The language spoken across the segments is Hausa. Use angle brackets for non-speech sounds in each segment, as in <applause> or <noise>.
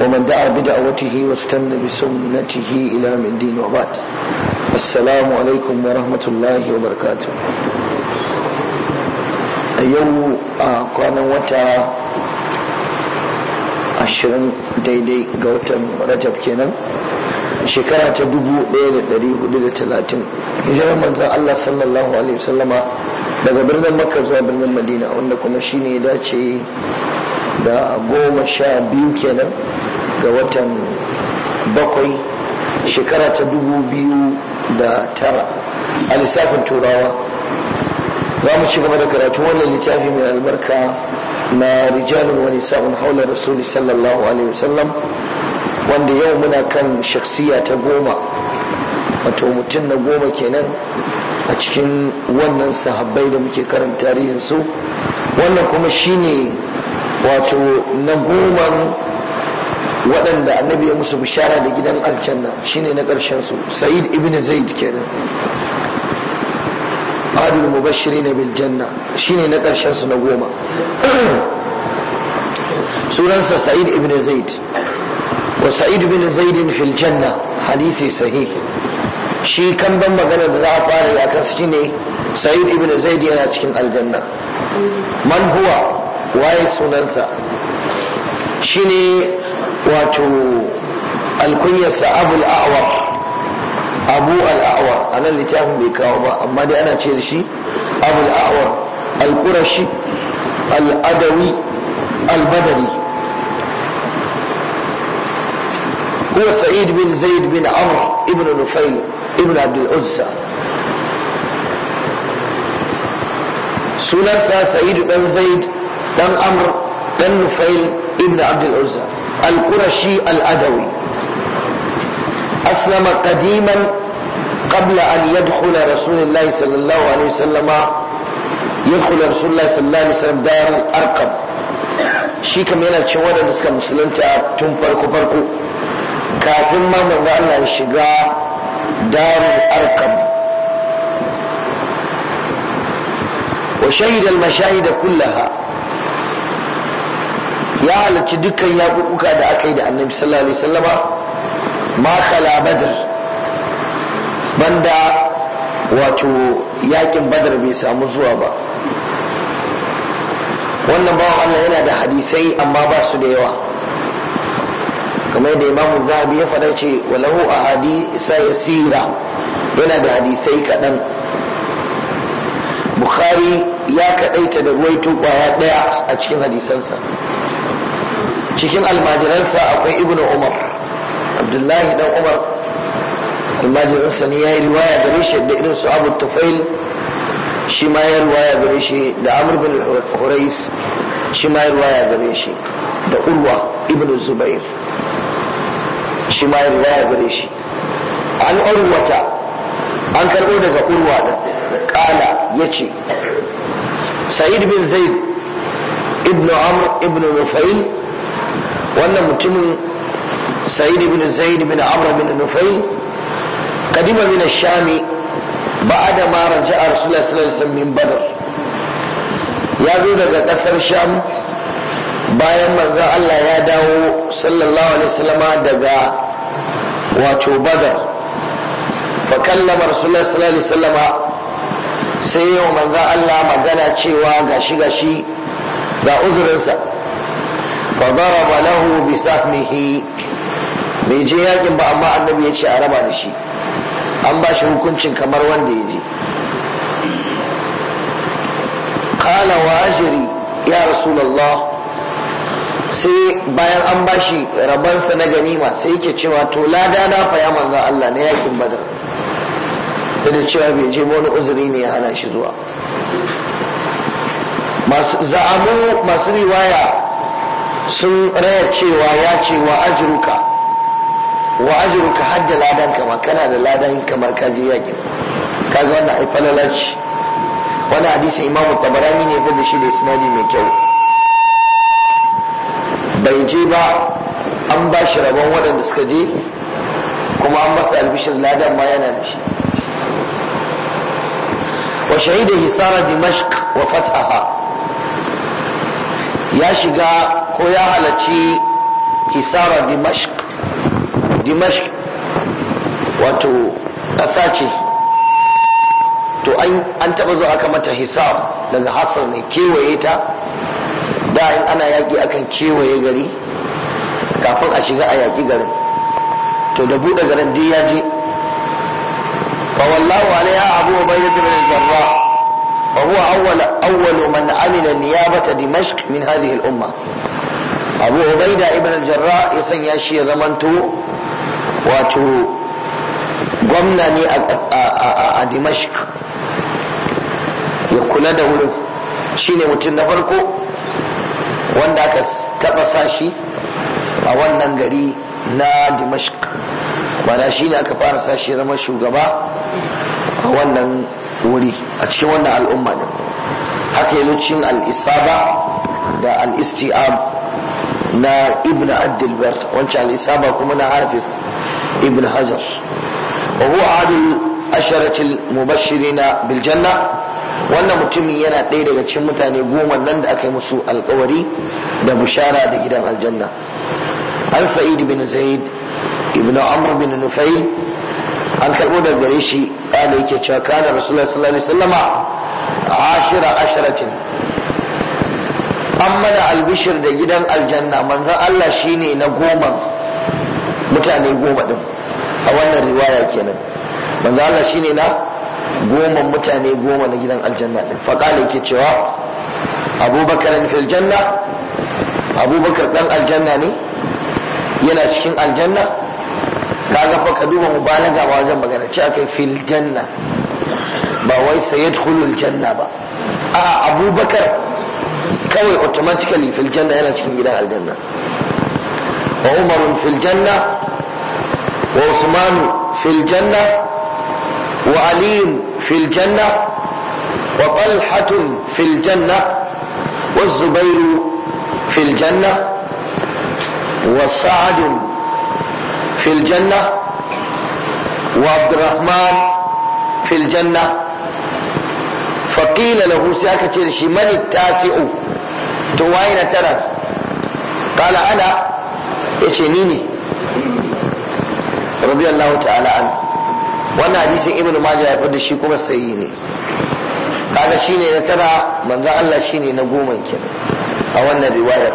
ومن دعا بدعوته واستنى بسنته إلى من دين وبعد السلام عليكم ورحمة الله وبركاته a كان وتا ashirin daidai ga watan rajab kenan shekara ta dubu ɗaya da ɗari hudu da talatin hijirar manzan Allah sallallahu alaihi daga birnin makka zuwa birnin madina wanda kuma shine ya dace da goma sha biyu kenan ga watan bakwai shekara ta dubu biyu da tara a lissafin turawa za mu ci gaba da karatu wannan littafi mai albarka na rijalin wani sabon haular rasuli sallallahu alaihi wasallam wanda yau muna kan shaksiya ta goma wato mutum na goma kenan a cikin wannan sahabbai da muke karanta tarihinsu wannan kuma shine wato na goman waɗanda annabi ya musu bishara da gidan aljanna shine na ƙarshen su sa'id ibn zaid kenan adul mubashirin na biljanna shine na ƙarshen su na goma <clears throat> sunansa sa'id ibn zaid wa sa'id ibn zaid fil janna hadisi sahih shi kan ban magana da za a fara yi akan shine sa'id ibn zaid yana cikin aljanna man huwa waye sunansa shine wato alkunyarsa abul a'war abu al'awar a nan littafin bai kawo ba amma dai ana ce da shi abu al'awar al-qurashi al-adawi al-badari huwa sa'id bin zaid bin amr ibn nufail ibn abd uzza sunansa sa'id dan zaid dan amr dan nufail ibn abd al-uzza al-qurashi adawi أسلم قديما قبل أن يدخل رسول الله صلى الله عليه وسلم يدخل رسول الله صلى الله عليه وسلم دار shi kam yana cin waɗanda suka musulunta tun farko-farko kafin ma manzo Allah ya shiga darul arkam wa shahidal mashahida kullaha ya halarci dukkan yaƙuƙuka da aka yi da annabi sallallahu alaihi wasallama ma kala badr banda wato yakin badar bai samu zuwa ba wannan bawa Allah yana da hadisai amma ba su da yawa kamar da Imam zahabi ya faɗa ce walahu a hadisa ya sira yana da hadisai kaɗan bukhari ya kaɗaita da ruwaito ƙwaya ɗaya a cikin hadisansa cikin almajiransa akwai ibnu umar abdullahi dan umar almajiransa ne ya yi riwaya gare shi da irin su abu tufail shi ma ya riwaya gare shi da amr bin hurais shi ma ya riwaya gare shi da urwa ibnu zubair shi ma ya riwaya gare shi an urwata an karbo daga urwa da kala ya ce sa'id bin zaid ibnu amr ibnu nufail wannan mutumin sa'id ibn zaid ibn amr ibn nufail kadima min ash-shami ba'da ma raja'a rasulullah sallallahu alaihi wasallam min badr ya zo daga kasar sham bayan manzo Allah ya dawo sallallahu alaihi wasallama daga wato badar fa kallama rasulullah sallallahu alaihi wasallama sai yau manzo Allah magana cewa gashi gashi ga uzurinsa fa daraba lahu bi sahmihi bai je yakin ba amma annabi ya ce a raba da shi an ba shi hukuncin kamar wanda ya je qala wa ajri ya rasulullah sai bayan an bashi rabonsa na ganima sai yake cewa to lada na faya manzan Allah na yakin badar da cewa bai je wani uzuri ne ya hana shi zuwa masu za'amu masu riwaya sun raya cewa ya ce wa ajruka wa ajruka hadda ladan kama kana da ladan kamar ka je yakin kaga wannan ai falalaci wannan Imam imamu tabarani ne fa da shi da isnadi mai kyau bai je ba an ba shi rabon waɗanda suka je kuma an masa albishir ladan ma yana da shi wa shahida hisara dimashq wa fataha ya shiga ko ya halarci hisara dimashq dimashq wato ƙasa ce to an taɓa zuwa aka mata hisar daga hasar mai kewaye ta da ana yaƙi akan kewaye gari kafin a shiga a yaƙi garin to da buɗe garin duk ya je fa wallahu alaiha abu bai da zarra فهو أول أول من عمل نيابة دمشق من هذه الأمة أبو عبيدة ابن الجراح يسن ياشي زمنتو واتو ne a dimashq ya kula da wurin shine mutum na farko wanda aka taɓa sashi a wannan gari na dimashq shi ne aka fara sashi zama shugaba a wannan wuri a cikin wannan al'umma din haka yanzu cikin al'isaba da al'isti'ab na ibn abdulbar wancan al'isaba kuma na hafiz ibn hajar wa huwa adul asharatil mubashirina bil janna wannan mutumin yana ɗaya daga cikin mutane goma nan da aka yi musu alkawari da bushara da gidan aljanna an sa'id bin zaid ibn amr bin nufail an karɓo daga gare shi da yake cewa kana rasulullah sallallahu alaihi wasallama ashira asharatin an mana albishir da gidan aljanna manzon Allah shine na goma mutane goma din a wannan riwaya kenan manzon Allah shine na goma mutane goma na gidan aljanna din faqala yake cewa abubakar fil janna abubakar dan aljanna ne yana cikin aljanna kaga fa ka duba mubalaga ba wajen magana ce akai fil janna ba wai sayadkhulul janna ba a abubakar kawai automatically fil janna yana cikin gidan aljanna wa umar fil janna wa usman fil janna wa ali fil janna wa talha fil janna wa zubair fil janna wa Sa'adun. في الجنة وعبد الرحمن في الجنة فقيل له ساكتر شي من التاسع توين ترى قال أنا يتنيني رضي الله تعالى عنه وانا حديث ابن ماجه يقول شي كما سيني kaga shine na tara manzon Allah shine na goma kenan a wannan riwayar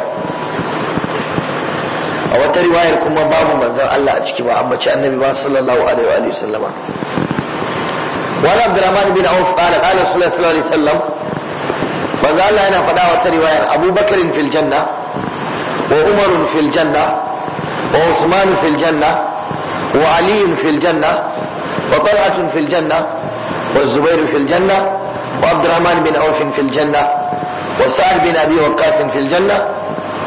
a wata riwayar kuma babu manzon Allah a ciki ba amma ci annabi ba sallallahu alaihi wa alihi sallama wani abdurrahman bin auf qala qala rasulullah sallallahu alaihi wasallam manzo Allah yana faɗa wata riwayar abubakar fil janna wa umar fil janna wa usman fil janna wa ali fil janna wa talhat fil janna wa zubair fil janna wa abdurrahman bin auf fil janna wa sa'ad bin abi waqqas fil janna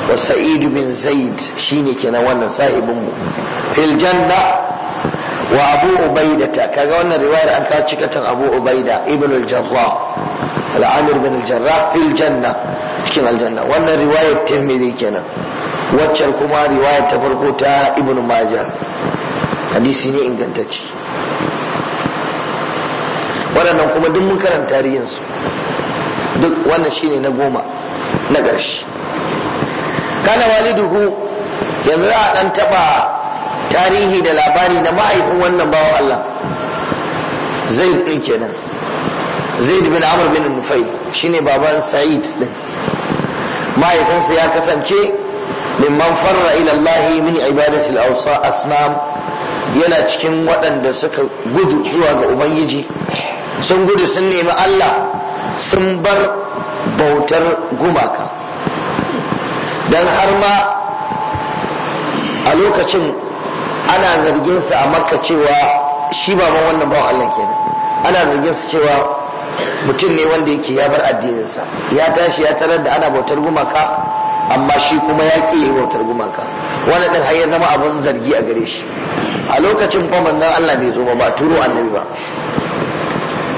wa sa'id bin zaid shine kenan wannan sahibin mu fil janna wa abu ubaida ta kaga wannan riwayar an kawo cikatan abu ubaida ibn al-jarrah al-amir bin al-jarrah fil janna cikin aljanna wannan riwayar tirmidhi kenan waccan kuma riwayar ta farko ta ibnu majah hadisi ne ingantacce waɗannan kuma duk mun karanta tarihinsu duk wannan shine na goma na ƙarshe kana waliduhu yanzu za a dan taba tarihi da labari na ma'aifin wannan bawan Allah zai din kenan zaid bin Amur bin shi shine baban sa'id din mahaifinsa ya kasance mimman farra ila Allah min ibadati al-awsa asnam yana cikin waɗanda suka gudu zuwa ga ubangiji sun gudu sun nemi Allah sun bar bautar gumaka don har ma a lokacin ana zargin sa a makka cewa shi baban wannan bawan Allah kenan ana zargin sa cewa mutum ne wanda yake ya bar addininsa ya tashi ya tarar da ana bautar gumaka amma shi kuma ya ki yi bautar gumaka wannan din har ya zama abun zargi a gare shi a lokacin ba manzon Allah bai zo ba ba turo annabi ba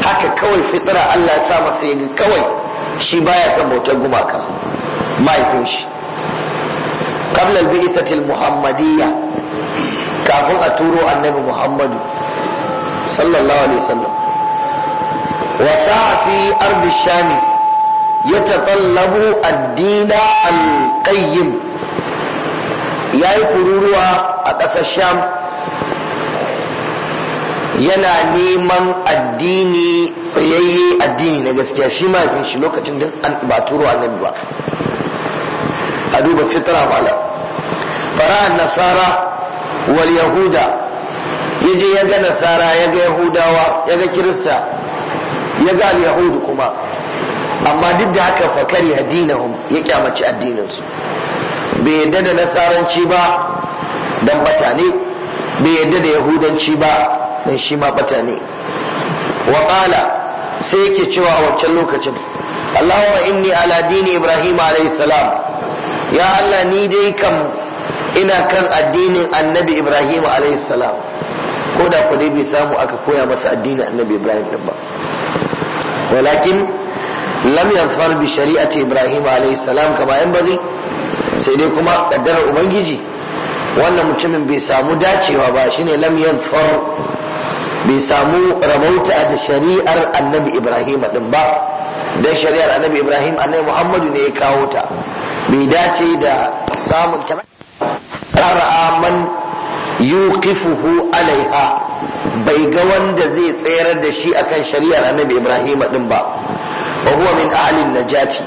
haka kawai fitira Allah ya sa masa yin kawai shi baya son bautar gumaka mahaifin shi qabla biisatil bisatil muhammadiyya kafin a turo annabi muhammadu sallallahu alaihi wasallam wa sa'a ardi shami yatatallabu ad-din al-qayyim yayi kururuwa a ƙasar sham yana neman addini tsayayye addini na gaskiya shi ma shi lokacin da ba turo annabi ba a duba fitra mala fara nasara wal yahuda yaje ya ga nasara ya ga yahudawa ya ga kirista ya ga al kuma amma duk da haka fakari addinahum ya kyamaci addininsu bai yadda da nasaranci ba dan batane, bai yadda da yahudanci ba dan shi ma batane. ne sai yake cewa a wancan lokacin Allahumma inni ala dini Ibrahim alayhi ya Allah ni dai kam ina kan addinin annabi ibrahim salam ko da ku dai bai samu aka koya masa addinin annabi ibrahim din ba walakin lam yanfar bi shari'ati ibrahim salam kama yan bari sai dai kuma kaddarar ubangiji wannan mutumin bai samu dacewa ba shine lam yanfar bai samu rabauta da shari'ar annabi ibrahim din ba dan shari'ar annabi ibrahim annabi muhammadu ne ya kawo ta bai dace da samun ta ra'a man yuqifuhu alaiha bai ga wanda zai tsayar da shi akan shari'ar annabi ibrahim din ba wa huwa min ahlin najati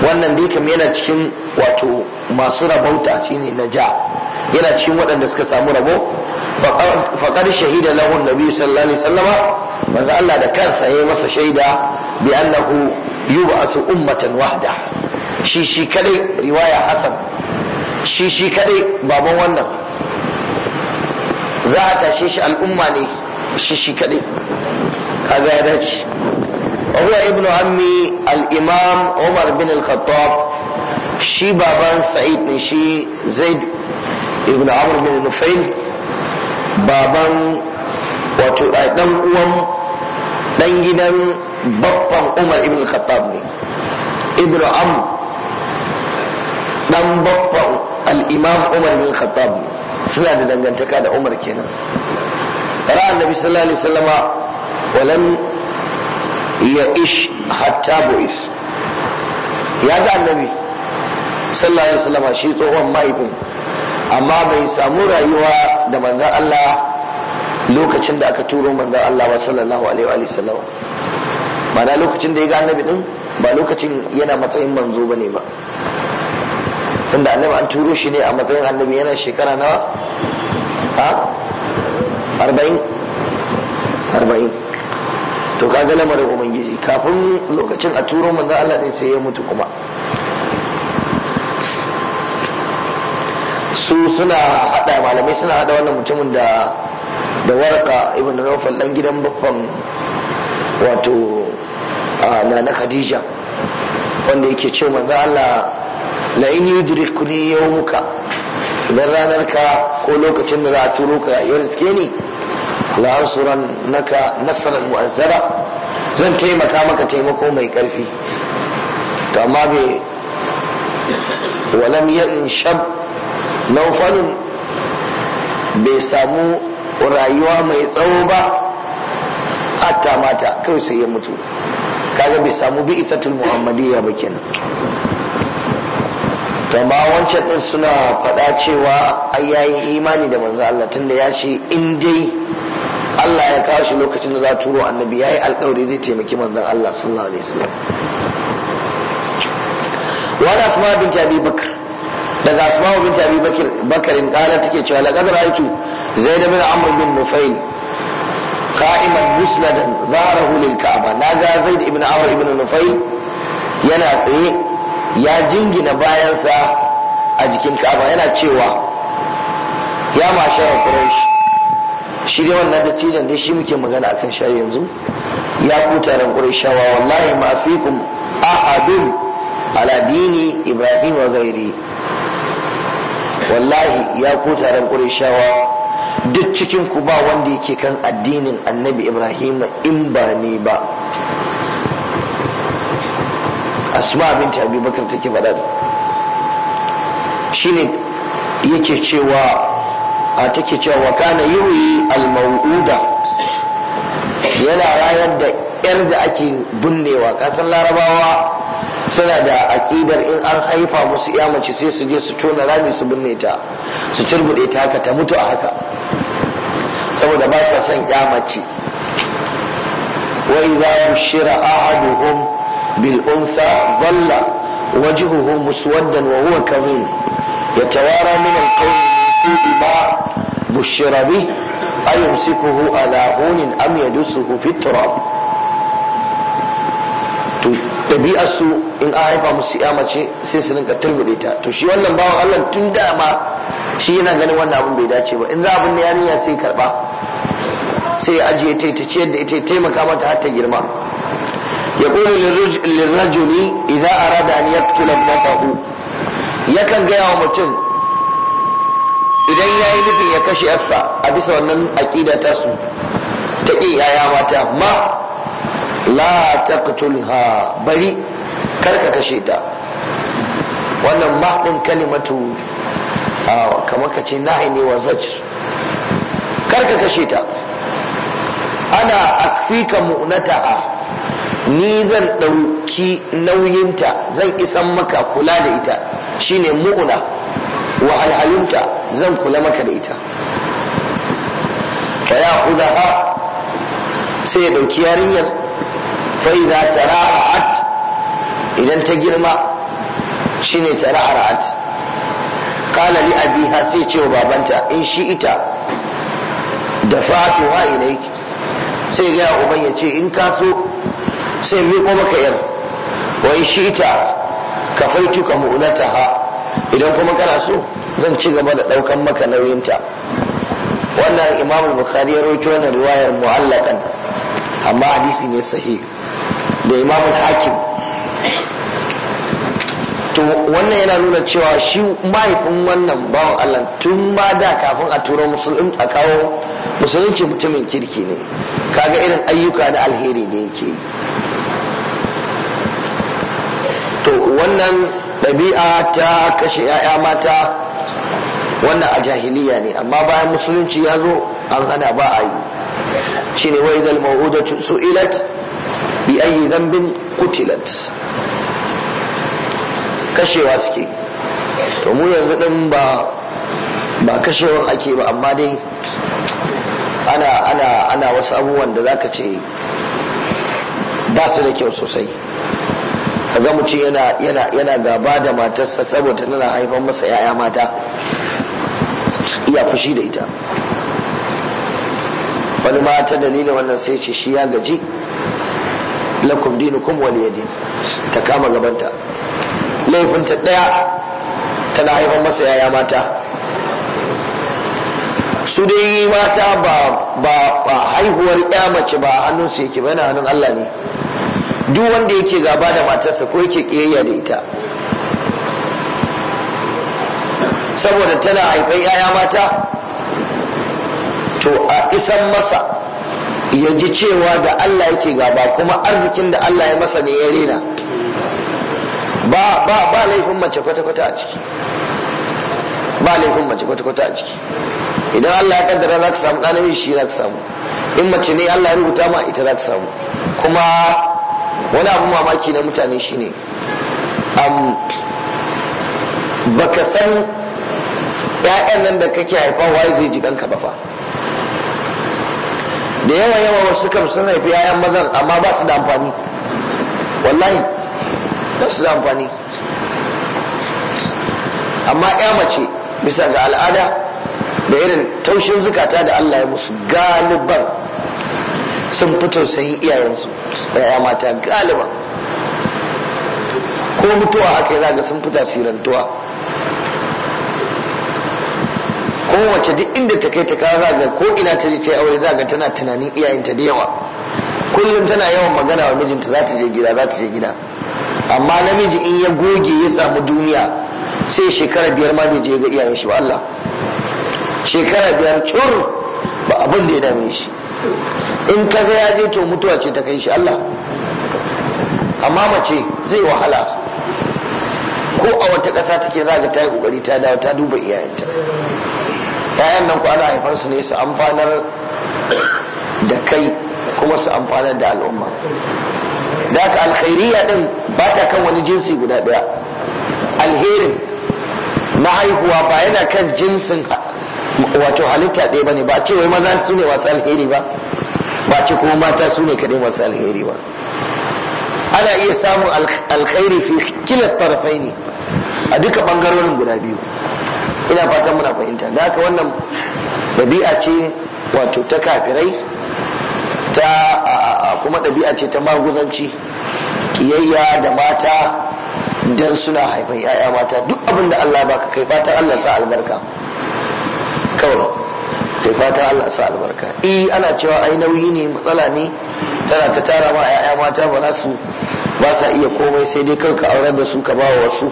wannan dai kam yana cikin wato masu rabauta shine ja. yana cikin waɗanda suka samu rabo faƙar shahida lahun nabi sallallahu alaihi sallama manzo Allah da kansa ya masa shaida bi annahu yub'asu ummatan wahda shi shi kadai riwaya hasan shi shi kadai baban wannan za a tashe shi al'umma ne shi shi kadai kaga ya dace وهو ابن عمي الإمام عمر بن الخطاب شي بابان سعيد نشي زيد ابن عمرو بن نفيل بابان wato ɗan uwan ɗan gidan babban umar ibn khattab ne ibn am ɗan babban al'imam umar ibn khattab ne suna da dangantaka da umar kenan ra'an nabi sallallahu ya ish hatta bois ya ga annabi sallallahu alaihi wasallam shi tsohon mahaifin amma bai samu rayuwa da manzan Allah lokacin da aka turo manzan Allah ba sallallahu alaihi wa sallam ma'ana lokacin da ya ga annabi din ba lokacin yana matsayin manzo bane ba tunda annabi an turo shi ne a matsayin annabi yana shekara nawa ha arba'in arba'in to kaga lamarin ubangiji kafin lokacin a turo manzo Allah din sai ya mutu kuma su suna hada malamai suna hada wannan mutumin da da warka ibn Nawfal dan gidan babban wato na na Khadija wanda yake ce manzan Allah la in yudrikuni yawmuka idan ranar ka ko lokacin da za a turo ka ya riske ni la'asuran naka nasarar mu'azzara zan taimaka maka taimako mai ƙarfi to amma bai walam in shab naufanin bai samu rayuwa mai tsawo ba hatta mata kawai sai ya mutu kaga bai samu bi isatul muhammadiyya ba kenan amma wancan din suna faɗa cewa ai yayi imani da manzo Allah tunda ya ce in dai Allah ya kawo shi lokacin da za a turo annabi ya yi alkawari zai taimaki manzan Allah sallallahu alaihi wasallam wani asma bin tabi bakar daga asma bin tabi bakar in kala take cewa laqad ra'aytu zaid bin amr bin nufail ka'iman musnadan zarahu lil ga zai da ibn amur ibn nufail yana tsaye ya jingina bayansa a jikin ka'aba yana cewa ya mashara quraish shi dai wannan dattijan dai shi muke magana akan shayi yanzu ya ku taron shawa, wallahi ma fikum ahadun ala dini ibrahim wa gairi wallahi ya ku taron shawa. duk cikin ku ba wanda yake kan addinin annabi ibrahim in ba ne ba asma binti abubakar take faɗa shine yake cewa a take cewa wa kana yuhi al-maw'uda yana rayar da yar da ake bunnewa. kasan larabawa suna da aƙidar in an haifa musu ya mace sai su je su tona rami su binne ta su cirbuɗe ta haka ta mutu a haka saboda ba sa son ya mace wa idza yushira ahaduhum bil untha dhalla wajhuhu muswaddan wa huwa kadhim yatawara min al-qawm ما بشر به أيمسكه على هون أم يدسه في التراب ɗabi'ar su in an haifa musu ya mace sai su rinka turbude ta to shi wannan bawan Allah tun da ma shi yana ganin wannan abin bai dace ba in za abin da yarinya sai karba sai ya ajiye ta ta ciyar da ita taimaka mata har ta girma Ya idan للرجل إذا أراد أن يقتل Yakan gaya wa mutum. idan ya yi nufin ya kashe yarsa a bisa wannan aƙida ta su ta ƙin yaya mata ma la ha, bari karka kashe ta wannan ma ɗin kalimatu kamar ka ce nahi ne wa zajr karka kashe ta ana akfika a ni zan ɗauki nauyinta zan isan maka kula da ita shine mu'una wahalhalunta zan kula maka da ita fa ya sai ya dauki yarinyar fa idza tara'at idan ta girma shine tara'at qala li abiha sai ce wa babanta in shi ita da fatuha ilaik sai ga uban ya ce in ka so sai miƙo maka yar wa in shi ita kafaituka mu'nataha idan kuma kana so zan ci gaba da ɗaukan maka nauyinta wannan imam bukhari ya rawaito wannan riwayar mu'allakan amma hadisi ne sahi da imam hakim to wannan yana nuna cewa shi mahaifin wannan bawan allah tun ma da kafin a turo musulun a kawo musulunci mutumin kirki ne kaga irin ayyuka na alheri da yake yi to wannan ɗabi'a ta kashe 'ya'ya mata wannan a jahiliya ne amma bayan musulunci ya zo an hana ba a yi shine wa idal mawudatu su'ilat bi ayi zambin kutilat, kashewa suke to mu yanzu din ba ba kashewar ake ba amma dai ana ana wasu abubuwan da za ka ce ba su da kyau sosai ga mutum yana yana yana gaba da matarsa saboda tana haifar masa yaya mata iya fushi da ita wani mata dalilin wannan sai ce shi ya gaji lakum kum waliya din ta kama gabanta laifinta ɗaya tana haifar masa yaya mata su dai mata ba ba haihuwar ya mace ba hannun su yake ba yana hannun Allah ne duk wanda yake gaba da matarsa ko yake kiyayya da ita saboda tana haifai yaya mata to a isan masa ya ji cewa da Allah yake gaba kuma arzikin da Allah ya masa ne ya rena ba ba ba laifin mace kwata-kwata a ciki ba laifin mace kwata-kwata a ciki idan Allah ya kaddara za ka samu ɗan shi za ka samu in mace ne Allah ya rubuta ma ita za ka samu kuma wani abu mamaki na mutane shine baka san ‘ya'yan nan da kake haifa waye zai ji ɗanka ba fa da yawa yawa wasu kam sun haifi ‘ya'yan mazan amma ba su da amfani wallahi ba su da amfani amma ‘ya mace bisa ga al'ada da irin taushin zukata da Allah ya musu galiban sun fi tausayin iyayensu ya'ya mata galiba ko mutuwa aka yi zaga sun fita sirantuwa ko wace duk inda ta kai ta kawo zaga ko ina ta je ta aure zaga tana tunanin iyayenta da yawa kullum tana yawan magana wa mijinta za ta je gida za ta je gida amma namiji in ya goge ya samu duniya sai shekara biyar ma je ga iyayen shi ba Allah shekara biyar cur ba abin da ya dame shi in ka ga ya je to mutuwa ce ta kai shi Allah amma mace zai wahala ko a wata ƙasa take za ga ta yi ƙoƙari ta dawo ta duba iyayenta ƴaƴan nan ku ana haifar su ne su amfanar da kai kuma su amfanar da al'umma da ka alkhairiya din ba ta kan wani jinsi guda ɗaya alherin na haihuwa ba yana kan jinsin wato halitta ɗaya bane ba ce wai maza su ne masu alheri ba ba ce kuma mata su ne kaɗai masu alheri ba ana iya samun alkhairi fi kilar tarafai ne a duka ɓangarorin guda biyu ina fatan muna fahimta da haka wannan ɗabi'a ce wato ta kafirai ta kuma ɗabi'a ce ta maguzanci kiyayya da mata dan suna haifan 'ya'ya mata duk abin da Allah baka kai fatan Allah sa albarka kawai bai fata Allah sa albarka eh ana cewa ai nauyi ne matsala ne tana ta tara ma ya'ya mata ba za su ba sa iya komai sai dai kanka auren da su ka ba wasu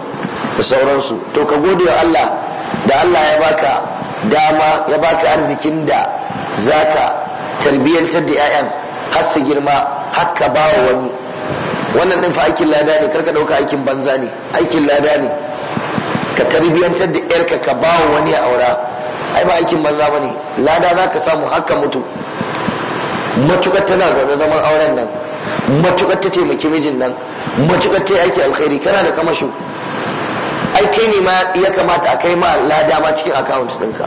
da sauransu to ka gode wa Allah da Allah ya baka dama ya baka arzikin da zaka tarbiyyantar da ƴaƴan har su girma har ka ba wa wani wannan din fa aikin lada ne karka dauka aikin banza ne aikin lada ne ka tarbiyyantar da ƴarka ka ba wa wani aura ai ba aikin banza ba ne lada za ka samu haka mutu matukar tana zaune zaman auren nan matukar ta taimaki mijin nan matukar ta yi aiki alkhairi kana da kamashu ai kai ne ma ya kamata a kai ma lada ma cikin akawunt ɗinka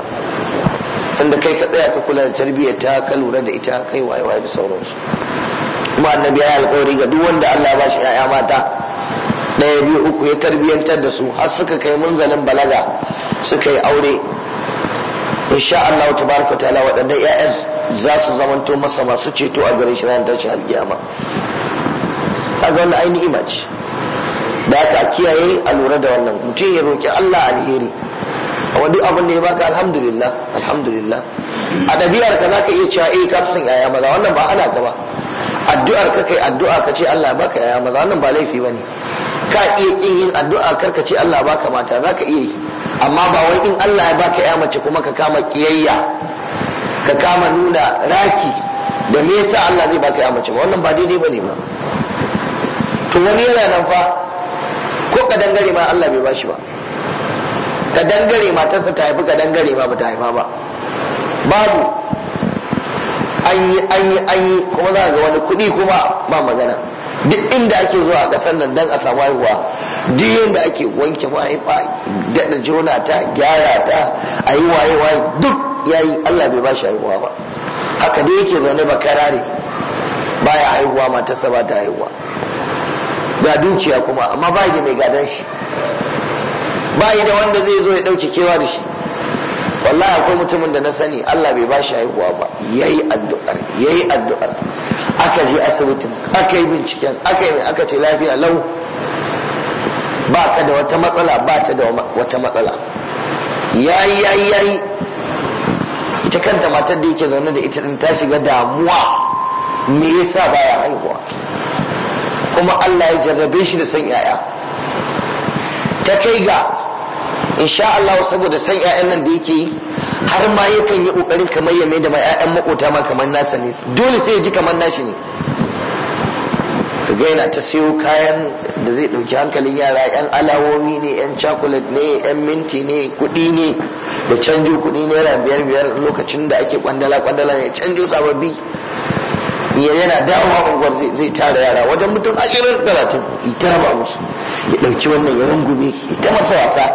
inda kai ka tsaya ka kula da tarbiyyar ta ka lura da ita kai waye waye da sauransu kuma annabi ya alkawari ga duk wanda Allah ba shi ya'ya mata ɗaya biyu uku ya tarbiyyantar da su har suka kai munzalin balaga suka yi aure insha Allah tabaraka ta'ala waɗannan ƴaƴan za su zamanto masa masu ceto a gare shi ran tashi alƙiyama kaga wannan ainihin image da aka kiyaye a lura da wannan mutum ya roƙi Allah alheri a wani abin da ya baka alhamdulillah alhamdulillah a ɗabi'ar ka za ka iya cewa eh ka fi yaya maza wannan ba ana gaba. addu'ar ka kai addu'a ka ce Allah baka yaya maza wannan ba laifi ba ne. ka iya kin yin addu'a ce Allah baka mata za ka iya yi amma ba wai in Allah ya baka ya mace kuma ka kama kiyayya ka kama nuna raki da me yasa Allah zai baka ya mace ba wannan ba daidai bane ba to wani yana nan fa ko ka dangare ma Allah bai bashi ba ka dangare matarsa ta haifi ka dangare ma bata haifa ba babu an yi an yi an yi kuma za ga wani kuɗi kuma ba magana duk inda ake zuwa a ƙasar nan dan a samu haihuwa duk yadda ake wanke mahaifa daɗa jona ta gyara ta a yi waye waye duk ya yi allah bai ba shi haihuwa ba haka dai yake zaune ba karare ya haihuwa matarsa ba ta haihuwa ga dukiya kuma amma ba da mai gadon shi ba yi da wanda zai zo ya ɗauke kewa da shi wallahi akwai mutumin da na sani Allah bai shi haihuwa ba yi addu'ar yi addu'ar aka je asibitin aka yi binciken aka yi aka ce lafiya lau ba ka da wata matsala ba ta da wata matsala yayi yayi yayi ita kanta matar da yake zaune da ita din ta shiga damuwa me yasa baya haihuwa kuma Allah ya jarrabe shi da san yaya ta kai ga insha Allah saboda san yayan nan da yake yi har ma yakan yi kokarin kamar ya da ma ƴaƴan makota ma kamar nasa ne dole sai ya ji kamar nashi ne kaga yana ta siyo kayan da zai ɗauki hankalin yara yan alawomi ne yan chocolate ne yan minti ne kuɗi ne da canjo kuɗi naira biyar biyar lokacin da ake kwandala kwandala ne canjo sababbi yana dawowa unguwar zai tara yara wajen mutum ashirin talatin ita ba musu ya ɗauki wannan ya rungume ita masa wasa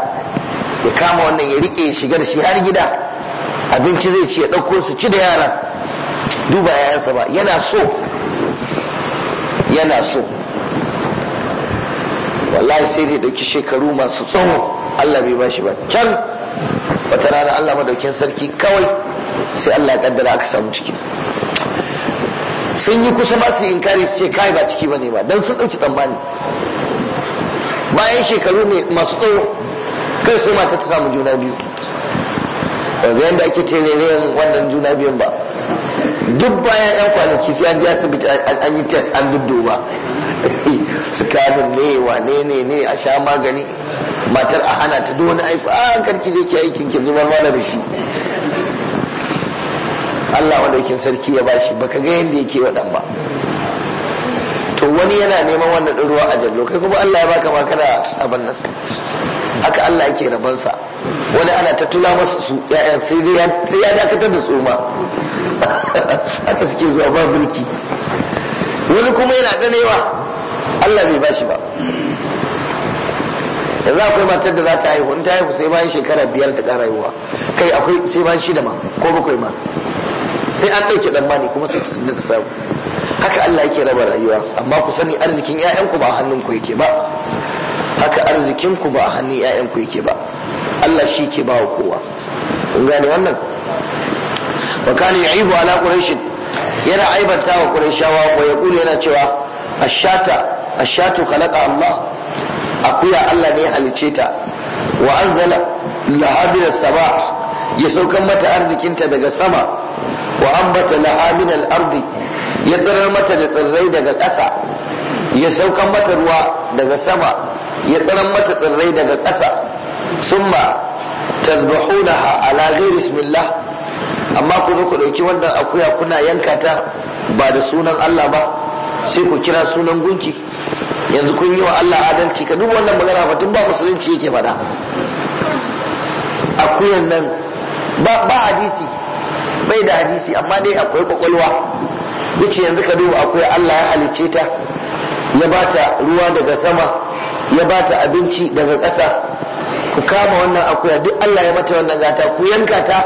ya kama wannan ya rike shigar shi har gida abinci zai ci ya ɗauko su ci da yara duba yayansa ba yana so yana so wallahi sai dai ɗauki shekaru masu tsawo Allah bai bashi ba can wata rana Allah madaukin sarki kawai sai Allah ya kaddara aka samu ciki sun yi kusa ba su inkari su ce kai ba ciki bane ba dan sun ɗauki tsammani bayan shekaru ne masu tsawo kai sai mata ta samu juna biyu daga yadda ake tererayen wannan juna biyun ba duk bayan yan kwanaki sai an ji asibiti an yi test an <laughs> su sukanin ne wane ne ne a sha magani matar a hana ta duk wani aiki a ah, karki je ki aikin ki zubar mana da shi Allah yake sarki ya bashi baka ga yadda yake waɗan ba to wani yana neman wannan ruwa a jallo kai kuma Allah ya baka ma kana abin nan haka Allah yake rabansa wani ana ta tula masa su ya'yan sai ya dakatar da su ma haka suke zuwa ba mulki wani kuma yana ganewa Allah bai bashi ba yanzu akwai matar da za ta haihu in ta haihu sai bayan shekara biyar ta kara haihuwa kai akwai sai bayan shida ma ko bakwai ma sai an ɗauke tsammani kuma sai ta samu haka Allah yake raba rayuwa amma ku sani arzikin 'ya'yanku ba hannunku yake ba haka arzikinku ba a hannun 'ya'yanku yake ba Allah shi ke ba wa kowa kun gane wannan wa kana ya'ibu ala quraish yana aibanta wa qurayshawa ya kula yana cewa ashata ashatu khalaqa Allah akuya Allah ne halice ta wa anzala sabat ya saukan mata arzikinta daga sama wa ambata lahamin al-ardi ya tsirar mata da tsirrai daga ƙasa ya saukan mata ruwa daga sama ya tsiran mata tsirrai daga ƙasa summa tasbahunaha da ghairi bismillah amma kuma ku ɗauki wannan akuya kuna yanka ta ba da sunan Allah ba sai ku kira sunan gunki yanzu kun yi wa Allah adalci ka duk wannan magana ba tun ba musulunci yake faɗa akuyan nan ba hadisi bai da hadisi amma dai akwai kwakwalwa yace yanzu ka duba akwai Allah ya halice ta ya bata ruwa daga sama ya ba ta abinci daga ƙasa ku kama wannan akuya duk Allah ya mata wannan gata ku yanka ta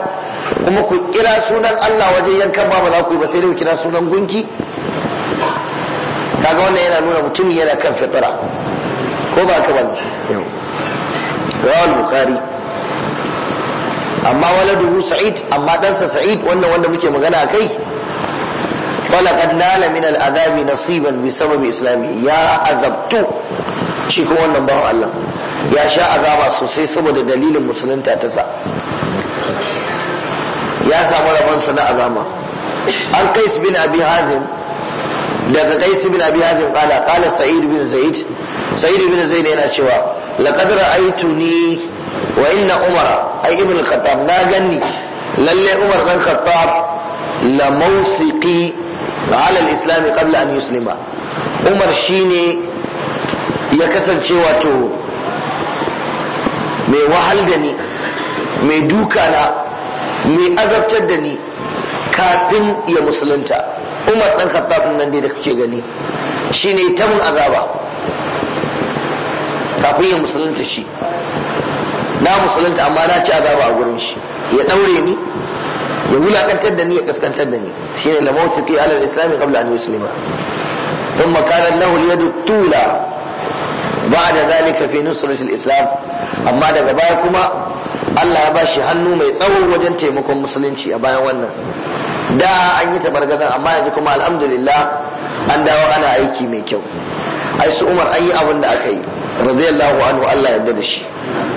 kuma ku kira sunan Allah wajen yankan ba za ku yi ba sai dai kira sunan gunki kaga wannan yana nuna mutum yana kan fitara ko ba ka bane rawal bukhari amma waladuhu sa'id amma ɗansa sa'id wannan wanda muke magana a kai walaqad nala min al'azabi nasiban bi sababi islami ya azabtu shi kuma wannan bawan Allah ya sha azaba sosai saboda dalilin musulunta ta sa ya samu rabonsa na azama an kais bin abi hazim daga kais bin abi hazim kala kala sa'id bin zaid sa'id bin zaid yana cewa laqad ra'aytuni wa inna umar ay ibn al-khattab na ganni lalle umar dan khattab la mawsiqi wa alal islami qabla an yuslima umar shine ya kasance wato mai wahal da ni mai duka na mai azabtar da ni kafin ya musulunta umar dan kafin nan da kuke gani shine ta mun azaba kafin ya musulunta shi na musulunta amma na ci azaba a gurin shi ya daure ni ya wulakantar da ni ya kaskantar da ni shine la mawsiqi ke al-islam kabla an yuslima sun kanat lahu al-yadu tula da zalika fi islam amma daga baya kuma Allah ya ba shi hannu mai tsawo wajen taimakon musulunci a bayan wannan da an yi tabargazan amma yanzu kuma alhamdulillah an dawo ana aiki mai kyau ai su umar an yi abin da aka yi radiyallahu anhu Allah yarda da shi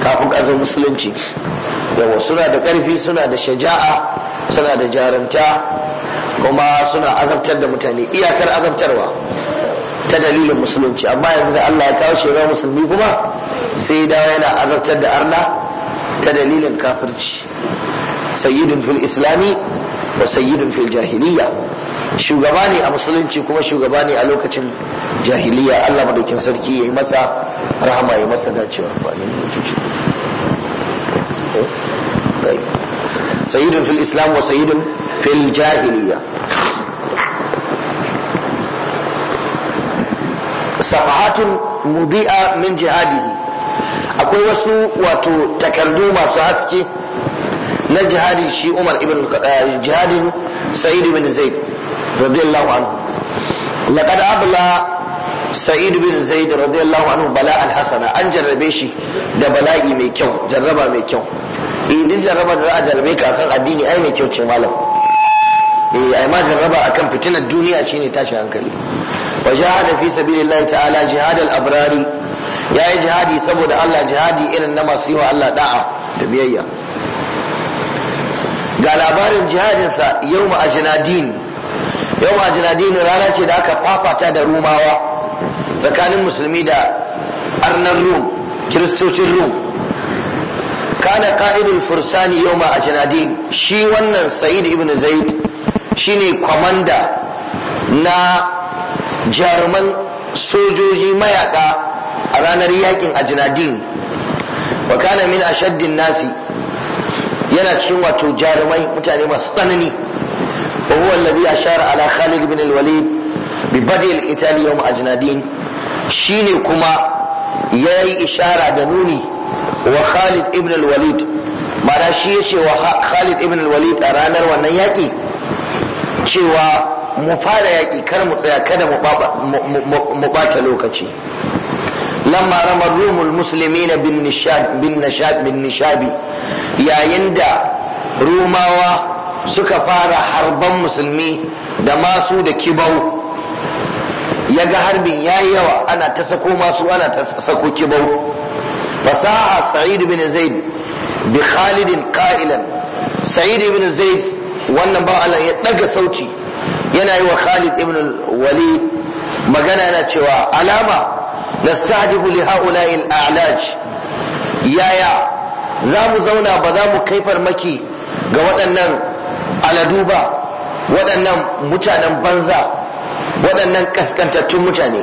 kafin ƙarfin musulunci yawa suna da ƙarfi suna da shaja'a suna da jarumta kuma suna azabtar da mutane iyakar azabtarwa ta dalilin musulunci amma yanzu da Allah ya kawo shi musulmi kuma sai dawo yana azabtar da arna ta dalilin kafirci sayyidun fil islami wa sayyidun fil jahiliya shugaba ne a musulunci kuma shugaba ne a lokacin jahiliya Allah madaukin sarki ya yi masa rahama ya masa dacewa ba ne sayyidun fil islam wa sayyidun fil jahiliya safahatun mudi'a min jihadihi akwai wasu wato takardu masu haske na jihadi shi umar ibn eh, jihadin sa'id ibn zaid radiyallahu anhu laqad abla sa'id bin zaid radiyallahu anhu bala'an hasana an jarrabe shi da bala'i mai kyau jarraba mai kyau idin eh, jarraba da za a jarrabe ka akan addini ai mai kyau ce malam eh ai ma jarraba akan fitinar duniya shine tashin hankali wa jahada fi sabilillahi ta'ala jihadal abrari yayi jihadi saboda Allah jihadi irin na masu yi wa Allah da biyayya ga labarin jihadinsa yau ma'ajinadin yau ma jinadinu rana ce da aka fafata da rumawa tsakanin musulmi da arnar rum kiristocin rum kana ka'idun fursani yau ma a jinadin shi wannan sa'id ibn zaid shi ne kwamanda na jaruman sojoji mayaka a ranar yakin a jinadin wa kana min ashaddin nasi yana cikin wato jarumai mutane masu tsanani وهو الذي أشار على خالد بن الوليد ببدء القتال يوم أجنادين شيني كما ياي إشارة دنوني وخالد ابن الوليد ma'ana shi ya ce Khalid ibn al-Walid a ranar wannan yaƙi cewa mu fara yaƙi kar mu tsaya kada mu ɓata lokaci lamma rumul musulmi na bin nishabi yayin da rumawa suka fara harban musulmi da masu da kibau ya ga harbin ya yi yawa ana ta sako masu ana ta sako kibau fasaha sa'id bin zaid bi khalidin qa'ilan sa'id bin zaid wannan ba Allah ya daga sauci yana yi wa khalid ibn walid magana yana cewa alama nastahdifu li ha'ula'i al-a'laj yaya za mu zauna ba za mu kai farmaki ga waɗannan aladu ba waɗannan mutanen banza waɗannan ƙasƙantattun mutane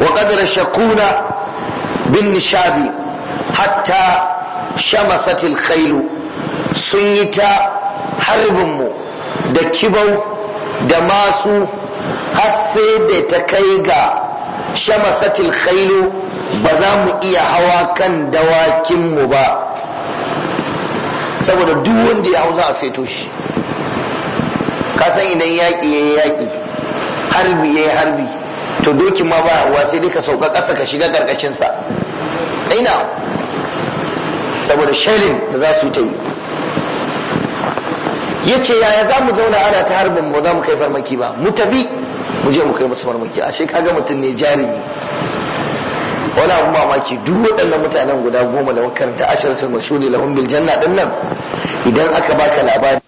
wa ƙadara shakuna bin nishabi hatta shamasatil kailu sun yi ta harbinmu da kibau da masu har da ta kai ga shamasatil khailu ba za mu iya hawa kan dawakinmu ba saboda duk wanda ya hau za a saito shi ka san idan yaƙi ya yi yaƙi harbi ya yi harbi to dokin ma ba wa sai dai ka sauka ƙasa ka shiga ƙarƙashinsa ina saboda shelin da za su ta yi ya ce yaya za mu zauna ana ta harbin ba za mu kai farmaki ba mu tafi mu je mu kai masu farmaki ashe kaga mutum ne jarumi wani abu mamaki duk waɗannan mutanen guda goma da makaranta asharatul mashhuri lahum bil janna nan idan aka baka labari